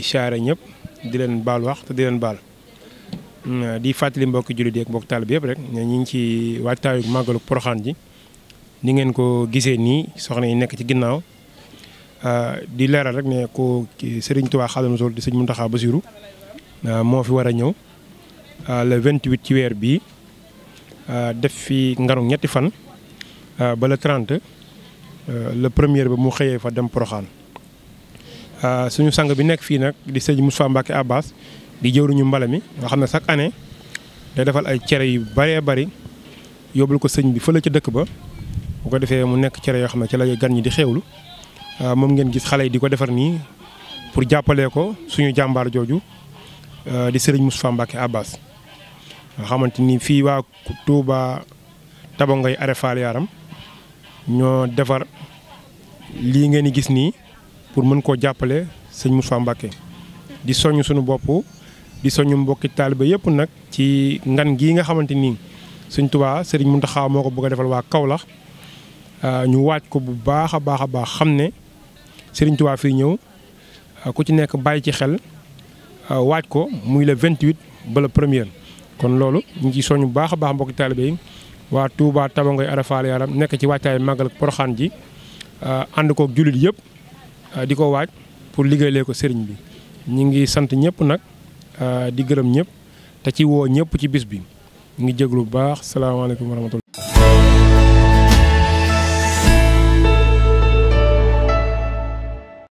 di siyaare ñëpp di leen baal wax te di leen baal mm, di fàttali mbokki jullit yi ak mbokk taalibe yëpp rek ñu ngi ci waajtaayu màggalu Poroxaan ji ni ngeen ko gisee nii soxna yi nekk ci ginnaaw ah, di leeral rek ne ko Serigne Touba Xaadimu Rasuul di Serigne Mountakha Bassirou ah, moo fi war a ñëw ah, le 28 ci weer bii def fi ngaru ñetti fan ba trent 30 le premier ba mu xëyee fa dem Poroxaan Euh, suñu sang bi nekk fii nag di sëñ Moussa Mbacke Abbas di jëwriñu mbala mi nga xam ne chaque année day defal ay cere yu baree bari yóbbul ko sëñ bi fële ca dëkk ba bu ko defee mu nekk cere yoo xam ne ci la gan ñi di xéewlu euh, moom ngeen gis xale yi di ko defar nii pour jàppalee ko suñu jàmbaar jooju euh, di sëriñ Moussa Mbacke Abbas nga xamante ni fii waa Touba Tabangay Arefal Yaram ñoo defar lii ngeen di gis nii. pour mën koo jàppale sëñ Moussa Mbacké di soññ suñu bopp di soññ mbokki taaliba yëpp nag ci ngan gii nga xamante nii sëñ Tuubaa sëriñ Muntaxa moo ko bëgg defal waa Kaolack ah, ñu waaj ko bu baax a baax a baax xam ne sëriñ Tuubaa fii ñëw ah, ku ci nekk bàyyi ci xel ah, waaj ko muy le 28 ba le premier kon loolu ñu ci soññ bu baax a baax mbokki taaliba yi waa Touba Tabangoy Arafaal yaram nekk ci waajtaay màggal Poroxaan ji ànd koog jullit yëpp. Euh, di ko waaj pour liggéeyalee ko sëriñ bi ñu ngi sant ñëpp nag euh, di gërëm ñëpp te ci woo ñëpp ci bis bi ñu ngi jéglu bu baax salaamaaleykum wa rahmatullah